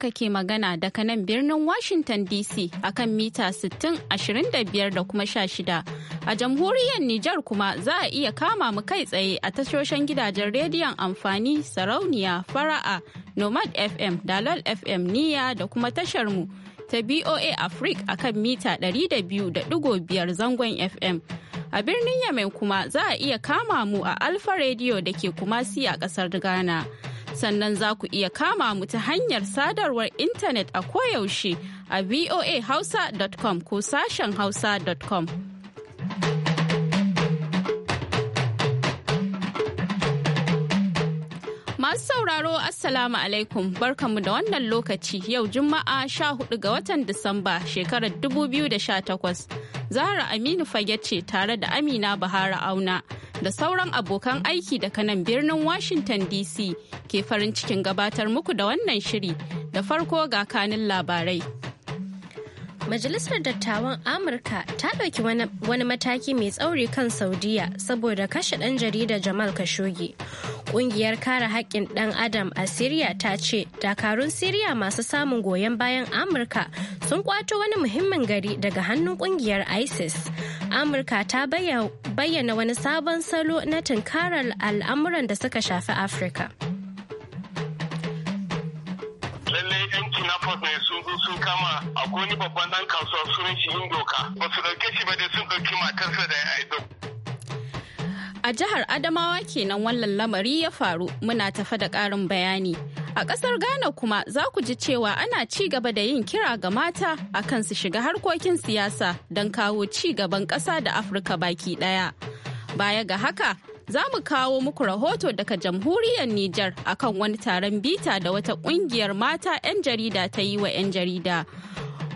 Amurka ke magana daga nan birnin Washington DC akan mita 60-25 da kuma 16. A jamhuriyar Nijar kuma za a iya kama mu kai tsaye a tashoshin gidajen rediyon amfani sarauniya fara'a Nomad FM, Dalol FM, Niya da kuma tashar mu ta BOA Africa akan mita 200.5 zangon FM. A birnin yemen kuma za a iya kama mu a Alfa Radio da ke Kumasi a ƙasar Ghana. sannan za ku iya kama mu ta hanyar sadarwar intanet a koyaushe a voahausa.com ko sashen hausa.com. Masu sauraro Assalamu alaikum barkanmu da wannan lokaci yau Juma'a 14 ga watan Disamba shekarar 2018. Zahra Aminu fage ce tare da Amina Bahara Auna da sauran abokan aiki daga nan birnin Washington DC ke farin cikin gabatar muku da wannan shiri da farko ga kanin labarai. Majalisar Dattawan Amurka ta ɗauki wani mataki mai tsauri kan Saudiya saboda kashe ɗan jarida Jamal Khashoggi. Ƙungiyar kare haƙƙin ɗan Adam a Siriya ta ce dakarun Siriya masu samun goyon bayan Amurka sun kwato wani muhimmin gari daga hannun ƙungiyar ISIS. Amurka ta bayyana wani sabon salo na tunkarar al'amuran da suka shafi Afirka. sama akwai wani babban dan kasuwa sunan shi doka ba su dauke shi ba dai sun ɗauki matarsa da ya aido. A jihar Adamawa kenan wannan lamari ya faru muna tafa da ƙarin bayani. A ƙasar Ghana kuma za ku ji cewa ana ci gaba da yin kira ga mata a kan su shiga harkokin siyasa don kawo ci gaban ƙasa da Afirka baki ɗaya. Baya ga haka, za mu kawo muku rahoto daga jamhuriyar Nijar akan wani taron bita da wata ƙungiyar mata 'yan jarida ta yi wa 'yan jarida.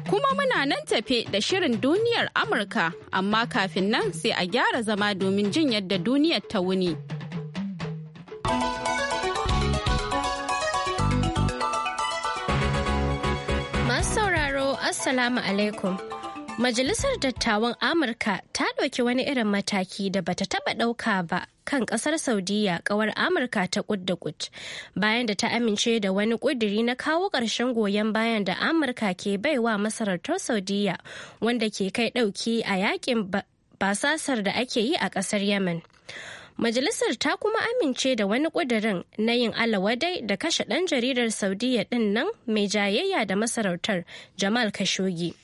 Kuma muna nan tafe da shirin duniyar Amurka, amma kafin nan sai a gyara zama domin jin yadda duniyar ta wuni. Masu sauraro, Assalamu alaikum. Majalisar Dattawan Amurka ta ɗauki wani irin mataki da bata taɓa ɗauka ba kan ƙasar Saudiya ƙawar Amurka ta ƙudda da ƙud bayan da ta amince da wani ƙuduri na kawo ƙarshen goyon bayan da Amurka ke baiwa masarautar Saudiya wanda ke kai ɗauki a yakin basasar da ake yi a ƙasar Yemen. Majalisar ta kuma amince da wani ƙudurin na yin alawadai da kashe ɗan jaridar Saudiya ɗin nan mai jayayya da masarautar Jamal Khashoggi.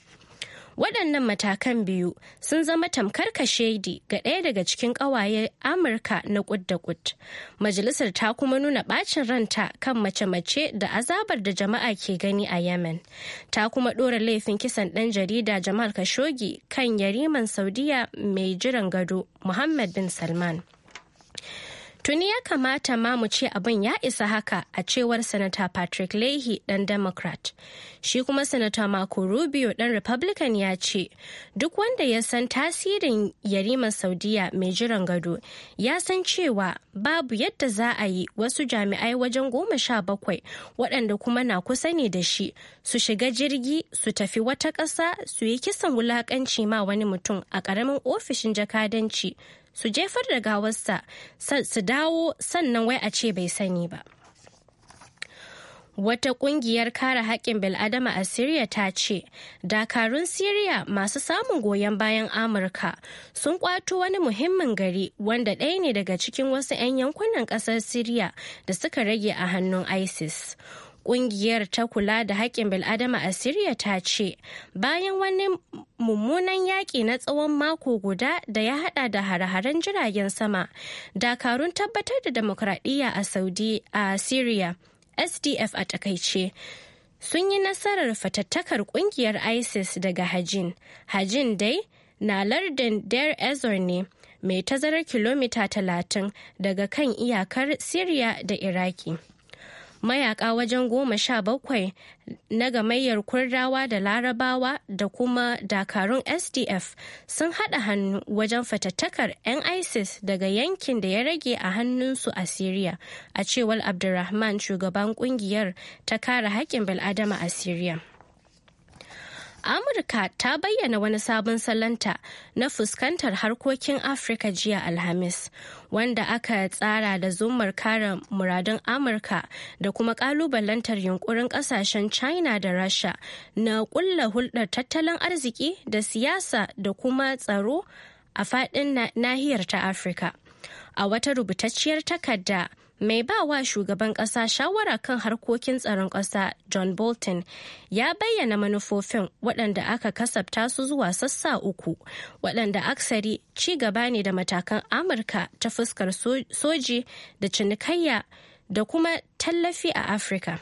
waɗannan matakan biyu sun zama tamkar kashedi ga ɗaya daga cikin ƙawaye amurka na ƙud da ƙud majalisar ta kuma nuna ɓacin ranta kan mace-mace da azabar da jama'a ke gani a yemen ta kuma ɗora laifin kisan ɗan jarida jamal khashoggi kan yariman saudiya mai jiran gado muhammad bin salman Tuni ya kamata ma mu ce abin ya isa haka a cewar Sanata Patrick Leahy ɗan Democrat. Shi kuma Sanata Marco Rubio ɗan Republican ya ce, duk wanda ya san tasirin yariman Saudiya mai jiran gado ya san cewa babu yadda za a yi wasu jami'ai wajen goma sha bakwai waɗanda kuma na kusa ne da shi su shiga jirgi su tafi wata ƙasa su yi kisan wulaƙanci ma wani mutum a ƙaramin ofishin jakadanci su jefar da gawarsa su dawo sannan wai a ce bai sani ba wata kungiyar kare haƙƙin bil'adama a Siriya ta ce dakarun Siriya masu samun goyon bayan Amurka sun kwato wani muhimmin gari wanda ɗaya ne daga cikin wasu 'yan yankunan ƙasar Siriya da suka rage a hannun ISIS. Ƙungiyar ta kula da haƙƙin bil'adama a Siriya ta ce, bayan wani mummunan yaƙi na tsawon mako guda da ya haɗa da hare-haren jiragen sama, dakarun tabbatar da demokradiyya a Saudi a Siriya, SDF a takaice. Sun yi nasarar fatattakar ƙungiyar ISIS daga Hajin. Hajin dai na lardin Deir Ezor ne. mai tazarar kilomita 30 daga kan iyakar Siriya da Iraki. mayaka wajen goma sha bakwai na gamayyar kurdawa da larabawa da kuma dakarun sdf sun haɗa hannu wajen fatattakar 'yan isis daga yankin da ya rage a hannunsu a syria a cewar abdulrahman shugaban kungiyar ta kare haƙƙin bil'adama a syria Amurka ta bayyana wani sabon salanta na fuskantar harkokin Afirka jiya Alhamis, wanda aka tsara da zumar kare muradun Amurka da kuma kalubalantar yunkurin kasashen China da Rasha na kulla hulɗar tattalin arziki da siyasa da kuma tsaro a faɗin nahiyar ta Afirka. A wata rubutacciyar takarda mai ba wa shugaban ƙasa shawara kan harkokin tsaron ƙasa john bolton ya bayyana manufofin waɗanda aka kasafta su zuwa sassa uku waɗanda aksari ci gaba ne da matakan amurka ta fuskar soji da cinikayya da kuma tallafi a afirka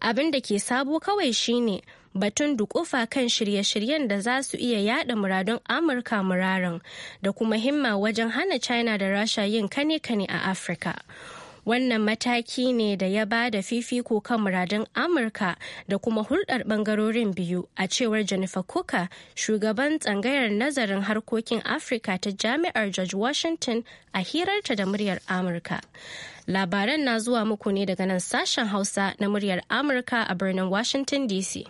abin da ke sabo kawai shine batun dukufa kan shirye-shiryen da za su iya yada muradun amurka muraren da kuma himma wajen hana china da rasha yin kane-kane a afirka wannan mataki ne da ya ba da fifiko kan muradun amurka da kuma hulɗar ɓangarorin biyu a cewar jennifer kuka shugaban tsangayar nazarin harkokin afirka ta jami'ar george washington a hirarta da muryar amurka labaran na zuwa muku ne daga nan sashen hausa na muryar amurka a birnin washington dc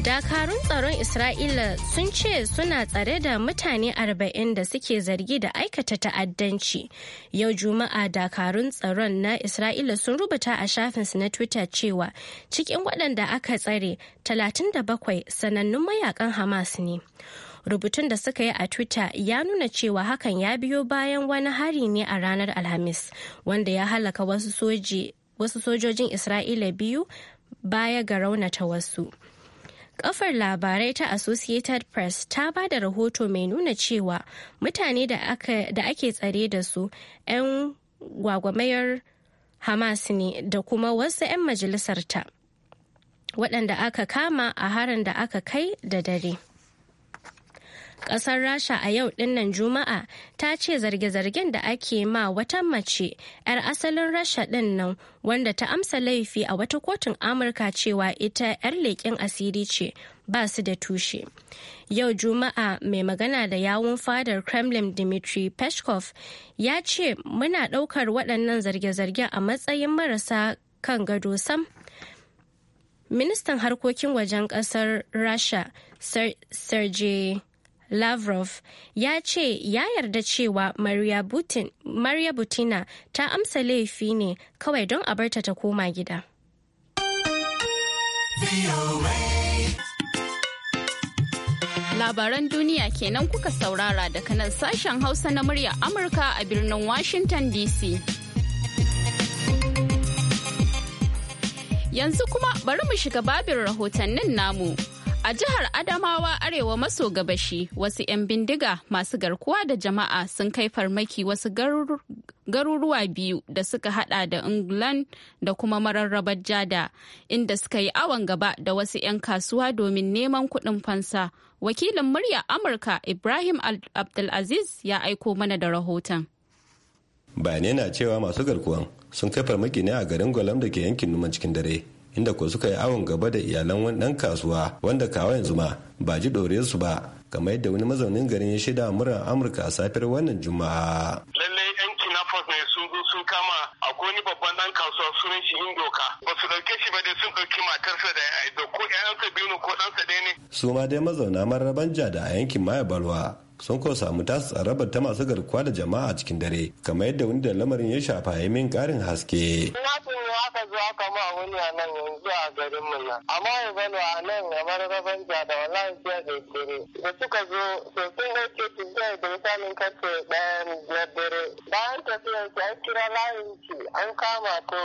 dakarun tsaron isra'ila sun ce suna tsare da mutane arba'in da suke zargi da aikata ta'addanci yau juma'a dakarun tsaron na isra'ila sun rubuta a shafinsu na twitter cewa cikin waɗanda aka tsare 37 sanannun mayakan hamas ne rubutun da suka yi a twitter ya nuna cewa hakan ya biyo bayan wani hari ne a ranar alhamis wanda ya halaka wasu sojojin isra'ila biyu baya ga raunata wasu Kafar labarai ta Associated Press ta ba da rahoto mai nuna cewa mutane da ake tsare da su 'yan gwagwamayar Hamas ne da kuma wasu 'yan majalisarta waɗanda aka kama a harin da aka kai da dare. kasar Rasha a yau dinnan Juma'a ta ce zarge-zargen da ake ma wata mace 'yar asalin Rasha dinnan wanda ta amsa laifi a wata kotun Amurka cewa ita 'yar leƙen asiri ce ba su da tushe. Yau Juma'a mai magana da yawun fadar Kremlin Dmitry Peskov ya ce muna ɗaukar waɗannan zarge-zargen a matsayin marasa kan gado sam. Ministan harkokin wajen ƙasar Rasha, Sergei Lavrov ya ce ya yarda cewa Maria Butina ta amsa laifi ne kawai don a barta ta koma gida. Labaran duniya kenan kuka saurara daga nan sashen Hausa na murya Amurka a birnin Washington DC. Yanzu kuma bari mu shiga babin rahotannin namu. A jihar Adamawa Arewa maso gabashi wasu 'yan bindiga masu garkuwa da jama'a sun kai farmaki wasu garuruwa biyu da suka hada da England da kuma mararrabar jada inda suka yi awon gaba da wasu 'yan kasuwa domin neman kudin fansa. Wakilin murya Amurka Ibrahim Abdulaziz ya aiko mana da rahoton. Bayanai na cewa masu garkuwan sun kai farmaki ne a garin Gwalam da ke yankin numan cikin dare. inda ko suka yi awon gaba da iyalan wani dan kasuwa wanda kawo yanzu ma ba ji dore su ba kamar yadda wani mazaunin garin ya shaida murar amurka a safiyar wannan juma'a lallai yan fos ne sun zo sun kama akwai wani babban dan kasuwa sunan shi indoka ba su dauke shi ba dai sun dauki matarsa da da ko ƴaƴansa biyu ko ɗansa ɗaya ne su ma dai mazauna marabanja da a yankin maya balwa sun ko samu tasu tsarabar ta masu garkuwa da jama'a cikin dare kamar yadda wani da lamarin ya shafa ya min karin haske. Na aka zo aka ma wuni a nan yanzu a garin mu nan amma ya zano a nan a ja da wallahi sai da dare da suka zo to sun ɗauke su jiya da misalin kace ɗayan na dare bayan tafiyar su an kira layin ci an kama to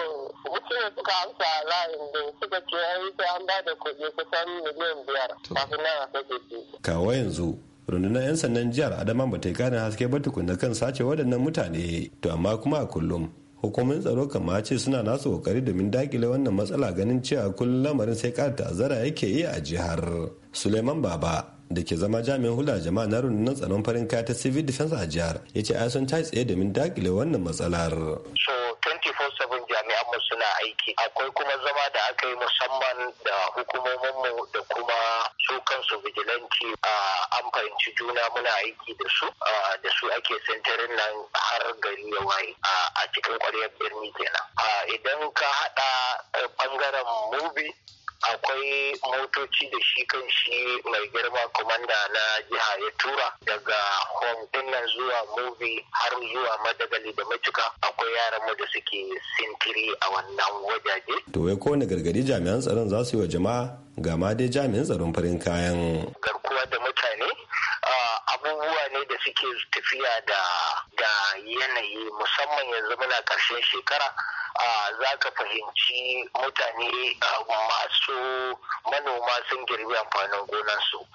mutum da suka amsa layin din suka ce an yi sai an ba da kuɗi kusan miliyan biyar kafin nan a sake su. kawo yanzu rundunar 'yan sandan jihar adama ba ta gane haske ba tukunna kan sace waɗannan mutane to amma kuma a kullum hukumomin tsaro kama ce suna nasu kokari domin dakile wannan matsala ganin cewa kullum lamarin sai kara ta'azzara yake yi a jihar suleiman baba da ke zama jami'in hula jama'a na rundunar tsaron farin kaya ta civil defense a jihar ya ce a sun ta tsaye domin dakile wannan matsalar. suna aiki akwai kuma zama da aka yi musamman da hukumominmu da kuma su kansu vigilanti an fahimci juna muna aiki da su da su ake sintirin nan har gari ya waye a cikin kwaryar birni kenan idan ka haɗa bangaren eh, mubi akwai motoci da shi kan shi mai girma kumanda na jiha ya tura daga home din zuwa movie har zuwa madagali da matuka akwai yaran mu da suke sintiri a wannan wajaje to wai kowane gargadi jami'an tsaron za su yi wa jama'a ga ma dai jami'an tsaron farin kayan garkuwa da mutane abubuwa ne da suke tafiya da yanayi musamman yanzu muna karshen shekara za ka fahimci mutane masu manoma sun girbi amfanin gonansu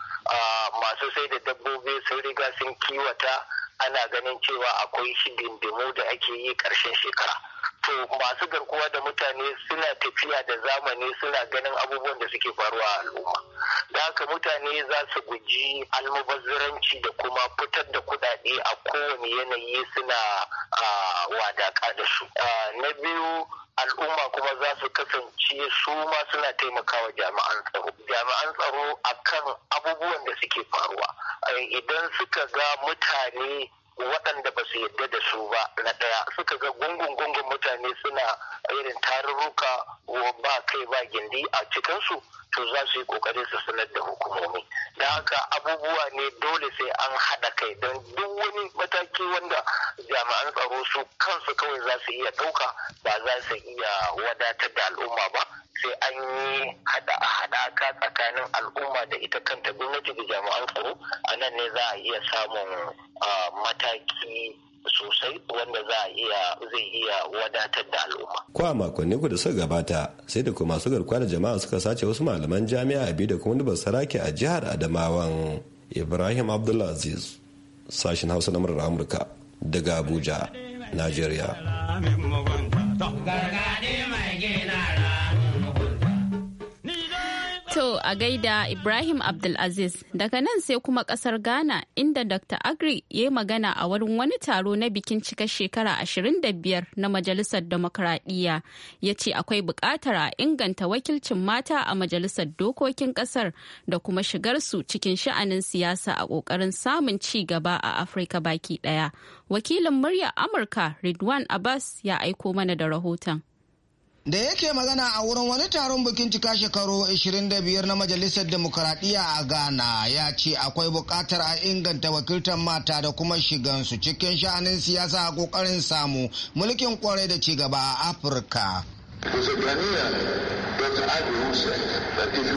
masu sai da dabbobi sun riga sun kiwata ana ganin cewa akwai hidindimu da ake yi ƙarshen shekara to masu garkuwa da mutane suna tafiya da zamani suna ganin abubuwan da suke faruwa a al'umma da haka mutane za su guji almubazziranci da kuma fitar da kudade a kowane yanayi suna wadaka da su na biyu al'umma kuma za su kasance su ma suna taimakawa jami'an tsaro jami'an tsaro akan abubuwan da suke faruwa eh, idan suka ga mutane waɗanda ba su yadda da su ba na ɗaya suka ga gungun gungun mutane suna irin tarurruka ba kai ba gindi a cikinsu to za su yi ƙoƙari su sanar da hukumomi da haka abubuwa ne dole sai an haɗa kai don duk wani mataki wanda jami'an tsaro su kansu kawai za su iya ɗauka ba za su iya wadatar da al'umma ba sai an yi hada hadaka tsakanin al'umma da ita kanta gwamnati da jami'an tsaro a nan ne za a iya samun mataki sosai wanda za a iya zai iya wadatar da al'umma. Ko a makonni da suka gabata sai da kuma masu garkuwa da jama'a suka sace wasu malaman jami'a biyu da kuma dubar sarake a jihar Adamawan. Ibrahim Abdulaziz sashen Hausa na Amurka daga Abuja, Najeriya. a gaida Ibrahim Abdulaziz daga nan sai kuma kasar Ghana inda Dr. Agri ya yi magana a wurin wani taro na bikin cika shekara 25 na Majalisar Demokradiyya ya ce akwai buƙatar a inganta wakilcin mata a Majalisar Dokokin ƙasar da kuma shigarsu cikin sha'anin siyasa a ƙoƙarin samun ci gaba a Afirka baki ɗaya. Wakilin muryar Amurka Ridwan Abbas ya aiko mana da rahoton. da yake magana a wurin wani taron bikin cika shekaru 25 na majalisar Demokuraɗiyya a ghana ya ce akwai buƙatar a inganta wakiltar mata da kuma shigansu cikin sha'anin siyasa a ƙoƙarin samu mulkin kwarai da cigaba a afirka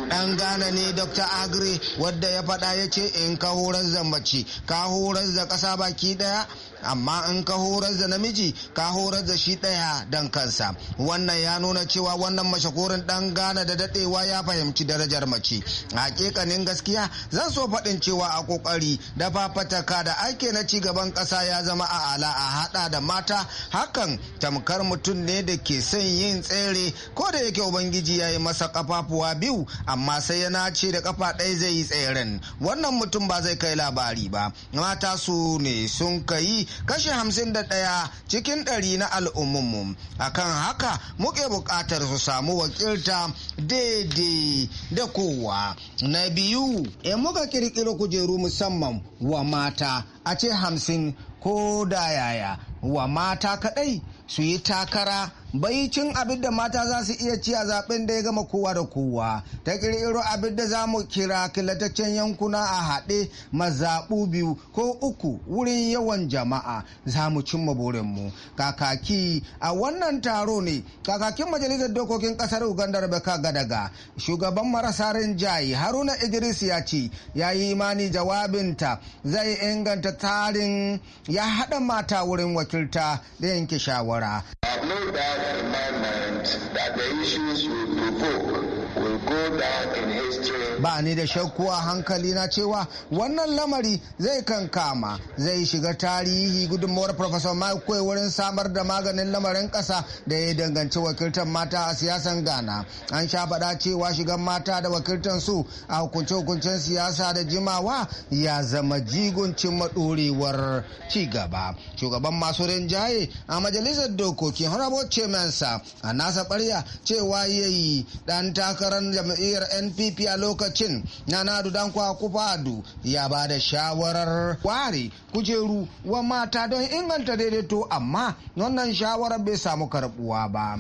Ɗan Ghana ne Dr. Agri wadda ya faɗa ya ce in ka horar da mace ka horar da ƙasa baki ɗaya amma in ka horar da namiji ka horar da shi ɗaya don kansa wannan ya nuna cewa wannan mashakorin ɗan Ghana da daɗewa ya fahimci darajar mace hakikanin gaskiya zan so faɗin cewa a ƙoƙari da fafataka da ake na ci gaban ƙasa ya zama a ala a haɗa da mata hakan tamkar mutum ne da ke son yin tsere ko da yake ubangiji ya yi masa kafafuwa biyu amma sai ya nace da kafa ɗaya zai yi tseren wannan mutum ba zai kai labari ba mata su ne sun kai kashi hamsin da ɗaya cikin ɗari na al'ummunmu akan haka muke buƙatar su samu wakilta daidai da kowa na biyu in muka kirkiro kujeru musamman wa mata a ce hamsin ko da yaya wa mata kaɗai su yi takara cin abin da mata za su iya ci a zaben da ya gama kowa da kowa ta ƙirƙiro abin da za mu kira kilataccen yankuna a haɗe mazaɓu biyu ko uku wurin yawan jama'a za mu cin burinmu kakaki a wannan taro ne kakakin majalisar dokokin ƙasar uganda baka rebecca gadaga shugaban marasa rinjaye haruna idris ya ce ya yi imani jawabinta zai inganta tsarin ya haɗa mata wurin wakilta da yanke shawara. ba ni da shakku a hankali na cewa wannan lamari zai kankama zai shiga tarihi gudunmawar professor Mike wurin samar da maganin lamarin ƙasa da ya danganci wakiltar mata a siyasan ghana an sha faɗa cewa shigan mata da wakiltar su a hukunce-hukuncen siyasa da jimawa ya zama jiguncin ci cigaba shugaban masu rinjaye a majalisar dokokin honorable gwamnansa a nasa barya cewa ya yi dan takarar jam'iyyar npp a lokacin na nadu dan kwakufadu ya ba da shawarar ware kujeru wa mata don inganta daidaito amma wannan shawarar bai samu karbuwa ba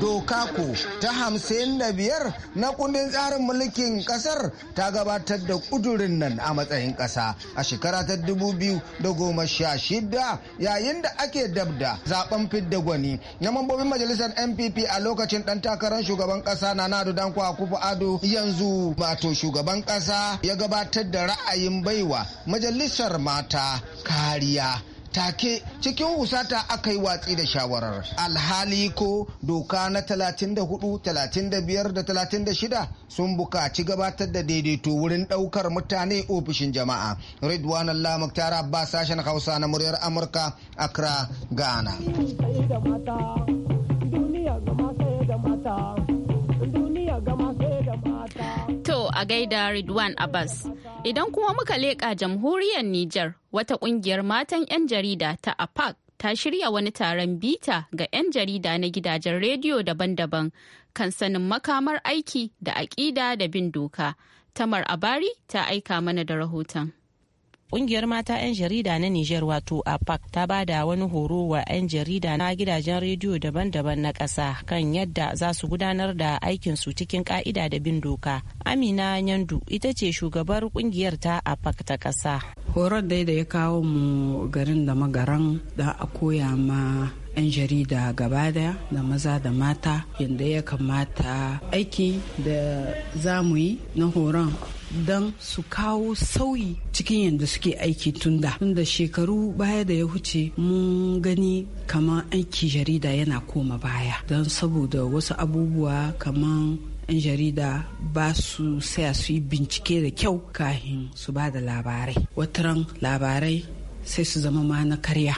doka ko ta hamsin da biyar na kundin tsarin mulkin kasar ta gabatar da kudurin nan a matsayin kasa a shekara ta dubu biyu da goma sha shida yayin da ake dabda zaben zaben fidda gwani na mambobin majalisar npp a lokacin dan takarar shugaban kasa na nadu dan kwakufu ado yanzu wato shugaban kasa ya gabatar da ra'ayin baiwa majalisar mata kariya take cikin husata aka yi watsi da shawarar alhali ko doka na 34 35 da 36 sun bukaci gabatar da daidaito wurin daukar mutane ofishin jama'a ridwan allah muktar abbas sashen hausa na muryar amurka accra ghana gaida Ridwan Abbas. Idan kuma muka leƙa jamhuriyar Nijar, wata ƙungiyar matan 'yan jarida ta APAC ta shirya wani taron bita ga 'yan jarida na gidajen rediyo daban-daban kan sanin makamar aiki da aƙida da bin doka. Tamar Abari ta aika mana da rahoton. ƙungiyar mata 'yan jarida na Nijar wato APAC ta ba da wani horo wa 'yan jarida na gidajen rediyo daban-daban na ƙasa kan yadda za su gudanar da aikinsu cikin ka'ida da bin doka. Amina Nyandu ita ce shugabar ƙungiyar ta APAC ta ƙasa. Horon dai da ya kawo mu garin da magaran da a koya ma 'yan jarida gaba daya da maza da mata yadda ya kamata aiki da zamu yi na horon don su kawo sauyi cikin yadda suke aiki tunda tunda shekaru baya da ya huce mun gani kamar aiki jarida yana koma baya don saboda wasu abubuwa kamar 'yan jarida ba su saya su yi bincike da kyau kahin su ba da labarai wataran labarai sai su zama ma na karya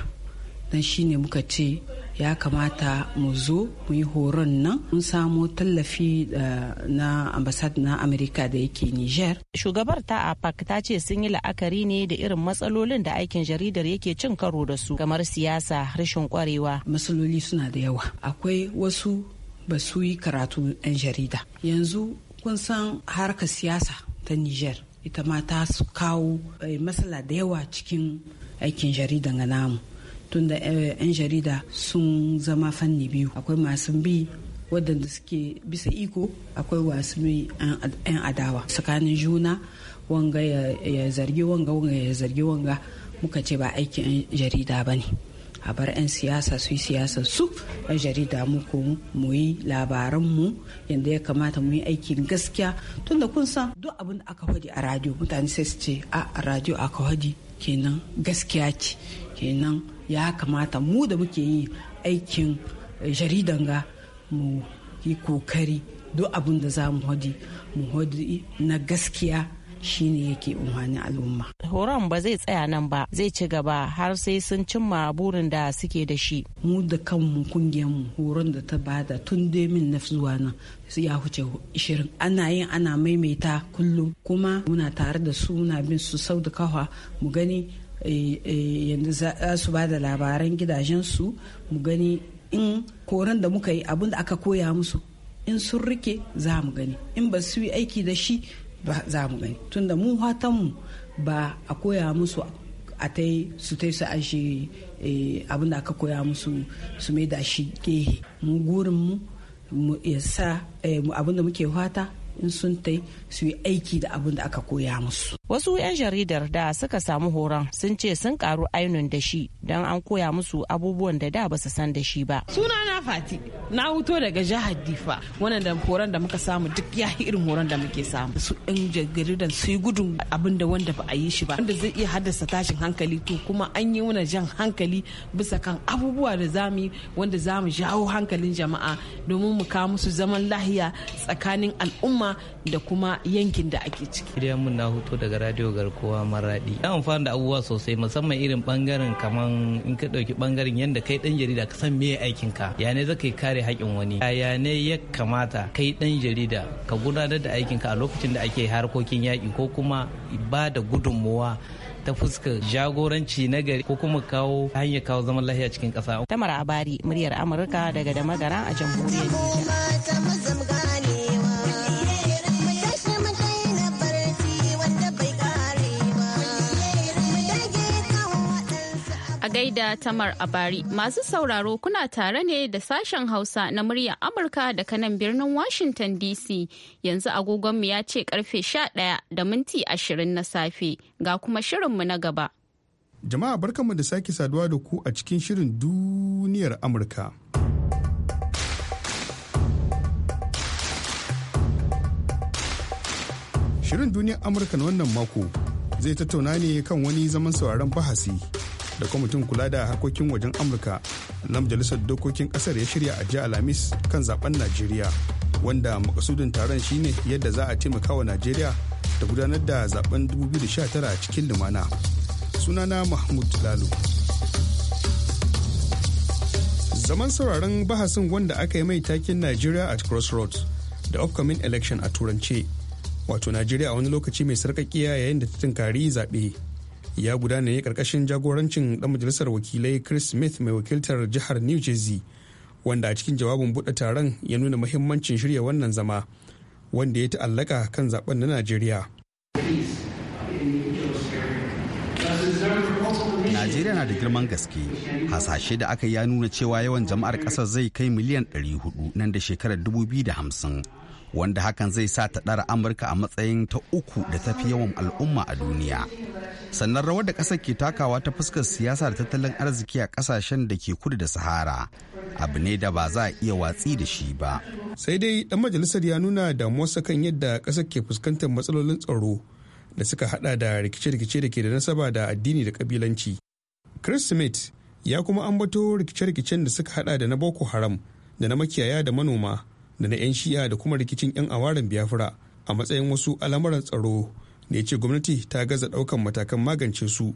don shine muka ce ya kamata mu zo mu yi horon nan mun samo tallafi eh, na ambasad na amerika da yake niger shugabar ta apac ta ce sun yi la'akari ne da irin matsalolin da aikin jaridar yake cin karo da su kamar siyasa rashin kwarewa matsaloli suna da yawa akwai wasu ba su yi karatu 'yan jarida yanzu kun san harkar siyasa ta niger ita ma ta kawo eh, matsala da yawa cikin aikin jaridar ga namu tunda eh, 'yan jarida sun zama fanni biyu akwai masu bi waɗanda suke bisa iko akwai wasu 'yan adawa tsakanin juna wanga ya zargi wanga wanga ya zargi wanga muka ce ba aikin 'yan jarida ba ne a bar 'yan siyasa su yi siyasa su 'yan jarida mu ko mu yi labaranmu yadda ya kamata mu yi aikin gaskiya tunda kun san duk abin da aka hadi a radio mutane sai su ce ah, a radio aka hadi kenan gaskiya ce kenan ya kamata mu da muke yi aikin eh, jaridan ga mu yi kokari duk abin da za mu hodi mu hodi na gaskiya shine yake umarni al'umma. Horon ba zai tsaya nan ba zai ci gaba har sai sun cimma burin da suke da shi. Mu da kanmu mu horon da ta bada tun min na zuwa nan su ya huce ishirin ana yin ana maimaita kullum kuma muna tare da su muna bin su sau da kawa mu gani Eh, eh, yanzu za su ba da labaran gidajensu mu gani in koran da muka yi abin da aka koya musu in sun rike za mu gani in ba su yi aiki da shi ba za mu gani tunda mu mu ba a koya musu a ta su ta su an shi eh, abin da aka koya musu su mai da shi gehe mu gurin mu mu isa abin da muke fata in sun ta su yi aiki da abin da aka koya musu. Wasu 'yan jaridar da suka samu horon sun ce sun karu ainun da shi don an koya musu abubuwan da da ba su san da shi ba. Suna na fati na wuto daga jihar Difa wannan horon da muka samu duk ya irin horon da muke samu. Su 'yan jaridar su yi gudun abin da wanda ba a yi shi ba wanda zai iya haddasa tashin hankali to kuma an yi wani jan hankali bisa kan abubuwa da za mu wanda za mu jawo hankalin jama'a domin mu kawo musu zaman lahiya tsakanin al'umma da kuma yankin da ake ciki. Idan mun na hoto daga radio garkuwa maradi. Na amfani da abubuwa sosai musamman irin bangaren kaman in ka dauki bangaren yanda kai dan jarida ka san meye aikin ka. Ya ne zaka kare haƙin wani. Ya ne ya kamata kai dan jarida ka gudanar da aikin ka a lokacin da ake harkokin yaƙi ko kuma ba da gudunmuwa ta fuskar jagoranci na gari ko kuma kawo hanyar kawo zaman lahiya cikin ƙasa. Tamar Abari, muryar Amurka daga Damagara a jamhuriyar Nijar. A gaida Tamar Abari masu sauraro kuna tare ne da sashen Hausa na muryar Amurka da kanan birnin Washington DC yanzu agogonmu ya ce karfe 11 da minti 20 na safe ga kuma shirinmu na gaba. Jama'a barkanmu da sake saduwa da ku a cikin shirin duniyar Amurka. Shirin duniyar Amurka na wannan mako zai tattauna ne kan wani zaman sauraron bahasi. da kwamitin kula da harkokin wajen amurka na majalisar dokokin kasar ya shirya a jiya alhamis kan zaben najeriya wanda makasudin taron shine yadda za a taimaka wa najeriya da gudanar da zaben 2019 cikin lumana sunana mahmud lalu zaman sauraron bahasin wanda aka yi mai takin najeriya at crossroads da upcoming election a turance wato najeriya a wani lokaci mai sarkakiya yayin da ta tunkari zaɓe ya gudana ne karkashin jagorancin dan majalisar wakilai chris smith mai wakiltar jihar new jersey wanda a cikin jawabin buɗe taron ya nuna muhimmancin shirya wannan zama wanda ya ta'allaka kan zaben na najeriya Najeriya na da girman gaske hasashe da aka ya nuna cewa yawan jama'ar ƙasar zai kai miliyan 400 nan da shekarar 2050 wanda hakan zai sa ta ɗara amurka a matsayin ta uku da ta fi yawan al'umma a duniya sannan rawar da ƙasar ke takawa ta fuskar siyasa da tattalin arziki a ƙasashen da ke kudu da sahara abu ne da ba za a iya watsi da shi ba sai dai ɗan majalisar ya nuna da damuwarsa kan yadda ƙasar ke fuskantar matsalolin tsaro da suka hada da rikice-rikice da ke da nasaba da addini da kabilanci chris smith ya kuma ambato rikice-rikicen da suka hada da na boko haram da na makiyaya da manoma da na 'yan shia da kuma rikicin 'yan awaren biafra a matsayin wasu al'amuran tsaro da ya ce gwamnati ta gaza daukan matakan magance su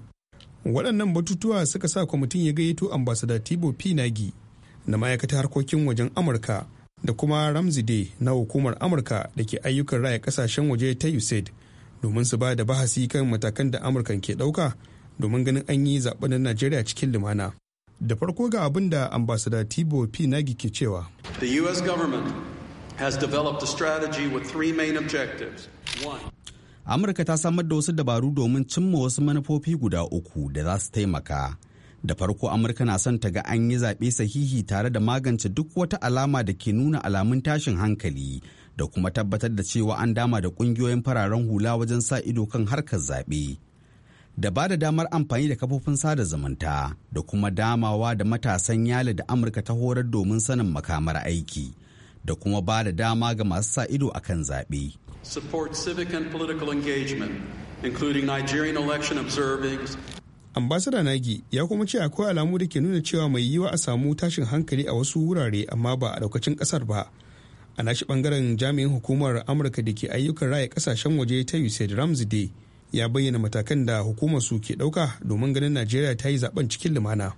waɗannan batutuwa suka sa kwamitin ya gayyato ambasada tibo pinagi na ma'aikatar harkokin wajen amurka da kuma ramzi day na hukumar amurka da ke ayyukan raya kasashen waje ta usaid domin su ba da bahasi kan matakan da amurkan ke ɗauka domin ganin an yi zaɓen najeriya cikin lumana Da farko ga abin da ambasada Tibo P. nagi ke cewa. The U.S. government has developed a strategy with three main objectives. One, Amurka ta samar da wasu dabaru domin cimma wasu manufofi guda uku da za su taimaka. Da farko Amurka na son ta ga an yi zaɓe sahihi tare da magance duk wata alama da ke nuna alamun tashin hankali da kuma tabbatar da cewa an dama da ƙungiyoyin fararen hula wajen sa ido kan harkar zaɓe. da ba da damar amfani da kafofin sada zumunta da kuma damawa da matasan yale da amurka ta horar domin sanin makamar aiki da kuma ba da dama ga masu sa ido a kan zaɓe. ambasada nagi ya kuma ce akwai alamu da ke nuna cewa mai yiwa a samu tashin hankali a wasu wurare amma ba a daukacin kasar ba a nashi bangaren jami'in hukumar amurka da ke ayyukan raya kasashen waje ta usaid ramsey ya bayyana matakan da hukumar su ke ɗauka domin ganin najeriya ta yi zaben cikin lumana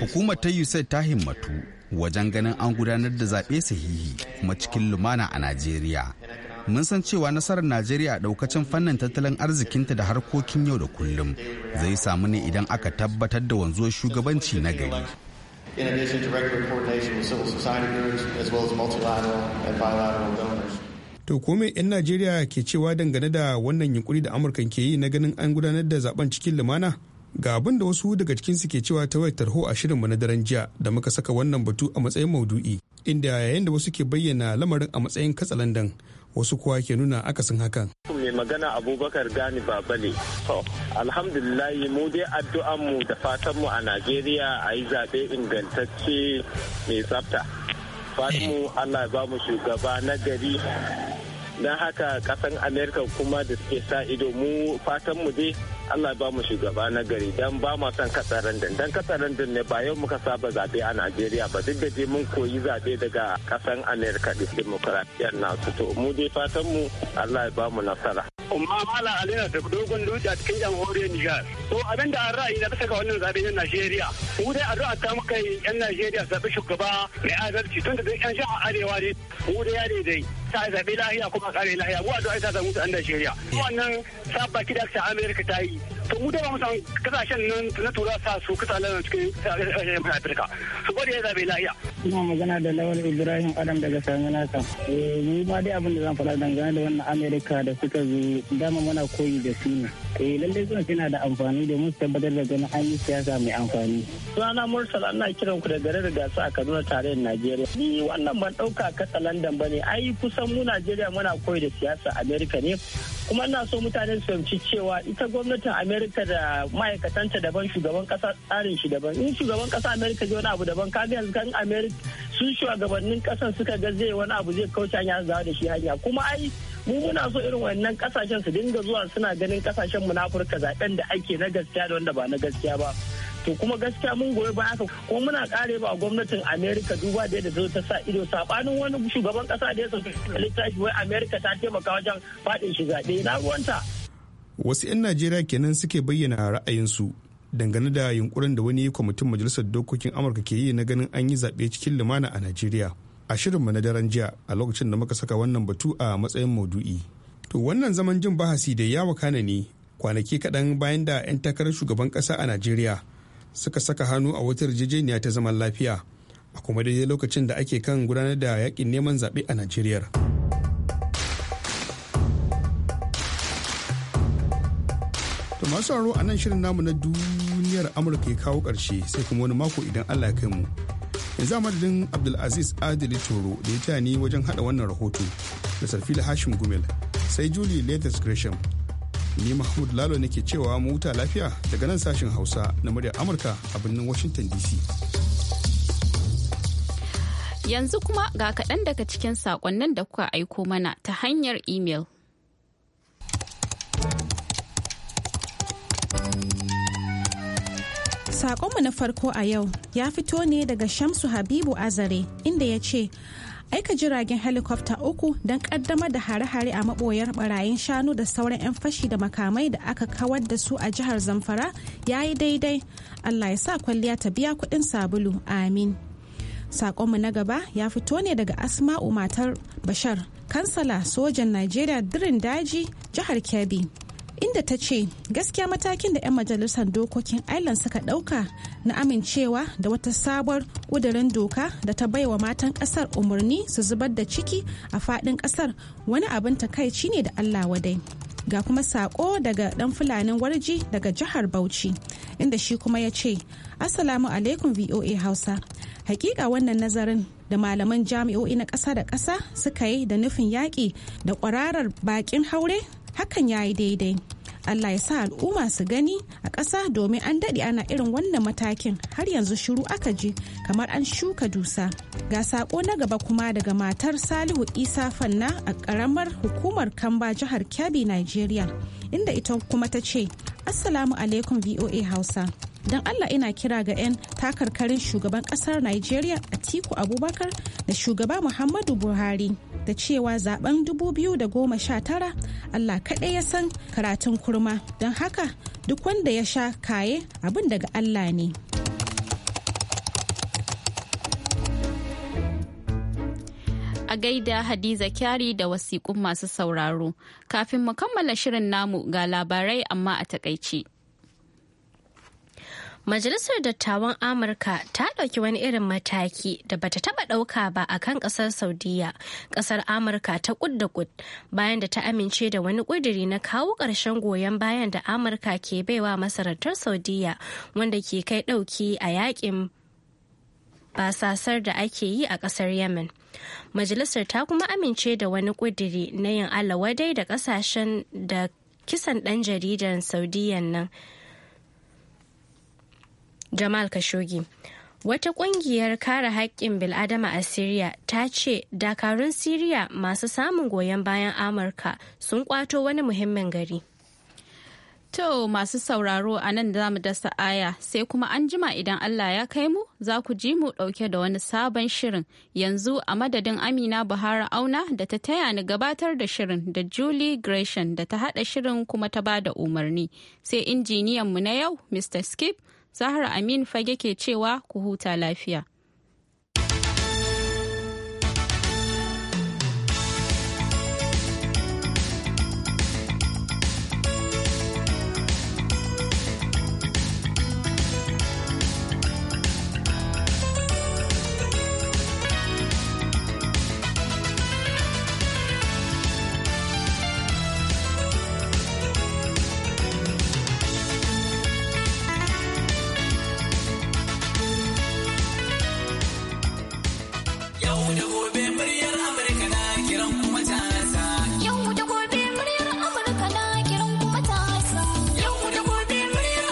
hukumar ta usaid ta himmatu wajen ganin an gudanar da zaɓe sahihi kuma cikin lumana a najeriya mun san cewa nasarar najeriya a ɗaukacin fannin tattalin arzikinta da harkokin yau da kullum zai samu ne idan aka tabbatar da wanzuwar shugabanci na gari in addition to regular coordination with civil society groups as well as multilateral and bilateral donors. to kome 'yan najeriya ke cewa dangane da wannan yunkuri da amurka ke yi na ganin an gudanar da zaben cikin lumana ga abin da wasu daga cikinsu ke cewa ta wayar tarho a shirinmu na daren jiya da muka saka wannan batu a matsayin maudu'i inda yayin da wasu ke bayyana lamarin a matsayin katsalandan wasu kuwa ke nuna akasin hakan. mai magana abubakar gani babale to alhamdulillahi mu dai mu da fatan mu a najeriya a yi zaɓe ingantacce mai tsafta fatimu allah ba mu shugaba na gari don haka kasan amerika kuma da suke sa ido mu fatan mu dai Allah ba mu shugaba na gari don ba mu son kasaran din dan kasa randan ne ba yau muka saba zabe a Najeriya ba duk da je mun koyi zabe daga kasan Amerika da na nasu to mu dai fatan mu Allah ya ba mu nasara umma mala alina da dogon doki a cikin yan horiyar Nijar. to abin da an ra'ayi na bisa ga wannan zabe na Najeriya mu dai addu'a ta muka kai yan Najeriya zabe shugaba mai adalci da zai yan sha'a arewa ne mu dai ya dai ta zabe lahiya kuma kare lahiya mu addu'a ta zamu ta Najeriya wannan sabba kidak ta Amerika ta yi to mu da ba mu san kasashen nan na tura sa su kasa lalata cikin kasashen eh, eh, eh, afirka su bari ya zabe lahiya Ina magana da Lawal Ibrahim Adam daga Saminaka. Eh, ni ma dai abin da zan fara dangane da wannan Amerika da suka zo dama muna koyi da su ne. Eh lallai suna suna da amfani da mun tabbatar da ganin an yi siyasa mai amfani. Sunana Mursala ana kiran ku da garin gasa a Kaduna tarayyar Najeriya. Ni wannan ban ɗauka katsalandan ba ne. Ai kusan mu Najeriya muna koyi da siyasa Amerika ne. kuma ina so mutane su fahimci cewa ita gwamnatin amerika da ma'aikatanta daban shugaban kasa tsarin shi daban in shugaban kasa amerika ji wani abu daban kaga yanzu kan amerika su shugabannin kasan suka ga zai wani abu zai kauce hanya zawa da shi hanya kuma ai mu muna so irin wannan kasashen su dinga zuwa suna ganin kasashen mu na Afirka zaben da ake na gaskiya da wanda ba na gaskiya ba to kuma gaskiya mun goyi ba haka kuma muna kare ba gwamnatin Amerika duba da yadda ta sa ido sabanin wani shugaban kasa da ya saka littafi wai Amerika ta taimaka wajen fadin shi zabe na ruwanta wasu 'yan Najeriya kenan suke bayyana ra'ayinsu dangane da yunkurin da wani kwamitin majalisar dokokin amurka ke yi na ganin an yi zaɓe cikin lumana a najeriya a shirinmu na daren jiya a lokacin da muka saka wannan batu a matsayin maudu'i to wannan zaman jin bahasi da ya wakana ne kwanaki kaɗan bayan da 'yan takarar shugaban ƙasa a najeriya suka saka hannu a wata yarjejeniya ta zaman lafiya a kuma daidai lokacin da ake kan gudanar da yaƙin neman zaɓe a najeriya To masu sauraro a nan shirin namu na duniyar Amurka ya kawo ƙarshe sai kuma wani mako idan Allah ya kai mu. Yanzu a madadin Abdulaziz Adili Toro da ya taya ni wajen haɗa wannan rahoto da Sarfila Hashim Gumel sai Julie Latest Gresham. Ni Mahmud Lalo nake cewa mu huta lafiya daga nan sashen Hausa na muryar Amurka a birnin Washington DC. Yanzu kuma ga kaɗan daga cikin saƙonnin da kuka aiko mana ta hanyar imel. Sakonmu na farko a yau ya fito ne daga Shamsu Habibu Azare inda ya ce, aika jiragen helikwafta uku don kaddamar da hare-hare a maboyar barayin shanu da sauran 'yan fashi da makamai da aka kawar da su a jihar Zamfara ya yi daidai. Allah ya sa kwalliya ta biya kudin sabulu. Amin. saƙonmu na gaba ya fito ne daga Asma'u matar Bashar, kansala sojan Najeriya dirin daji jihar Kebbi. inda ta ce gaskiya matakin da 'yan majalisar dokokin Ireland suka ɗauka na amincewa da wata sabuwar ƙudurin doka da ta baiwa matan ƙasar umarni su zubar da ciki a faɗin ƙasar wani abin takaici ne da Allah wadai. Ga kuma saƙo daga ɗan fulanin warji daga jihar Bauchi inda shi kuma ya ce Assalamu alaikum VOA Hausa. Hakika wannan nazarin da malaman jami'o'i na ƙasa da ƙasa suka yi da nufin yaƙi da ƙwararar baƙin haure hakan ya yi daidai Allah ya sa al'umma su gani a ƙasa domin an daɗe ana irin wannan matakin har yanzu shiru aka je kamar an shuka dusa. Ga saƙo na gaba kuma daga matar Salihu Isa Fanna a ƙaramar hukumar Kamba jihar Kebbi, Nigeria, inda ita kuma ta ce, Assalamu alaikum VOA Hausa. don Allah ina kira ga 'yan takarkarin shugaban ƙasar Nigeria Atiku Abubakar da shugaba Muhammadu Buhari da cewa zaben 2019 Allah kaɗai ya san karatun kurma don haka duk wanda ya sha kaye abin daga Allah ne. a gaida Hadiza Kyari da wasiƙun masu sauraro. Kafin mu kammala shirin namu ga labarai amma a takaici. Majalisar Dattawan Amurka ta ɗauki wani irin mataki da bata taba ɗauka ba a kan ƙasar Saudiya, ƙasar Amurka ta ƙud da bayan da ta amince da wani ƙudiri na kawo ƙarshen goyon bayan da Amurka ke baiwa masarautar Saudiya wanda ke kai ɗauki a yaƙin basasar da ake yi a ƙasar Yemen. Majalisar ta kuma amince da wani ƙudiri na yin alawadai da ƙasashen da kisan ɗan jaridan Saudiyan nan. Jamal Khashoggi. Wata ƙungiyar kare haƙƙin bil'adama a Siriya ta ce dakarun Siriya masu samun goyon bayan Amurka sun kwato wani muhimmin gari. To masu sauraro a nan da mu dasa aya sai kuma an jima idan Allah ya kai mu za ku ji mu ɗauke da wani sabon shirin yanzu a madadin Amina Buhari Auna da ta taya ni gabatar da shirin da Julie Gresham da ta haɗa shirin kuma ta ba da umarni sai injiniyan mu na yau Mr. Skip Zahra Amin fage ke cewa ku huta lafiya.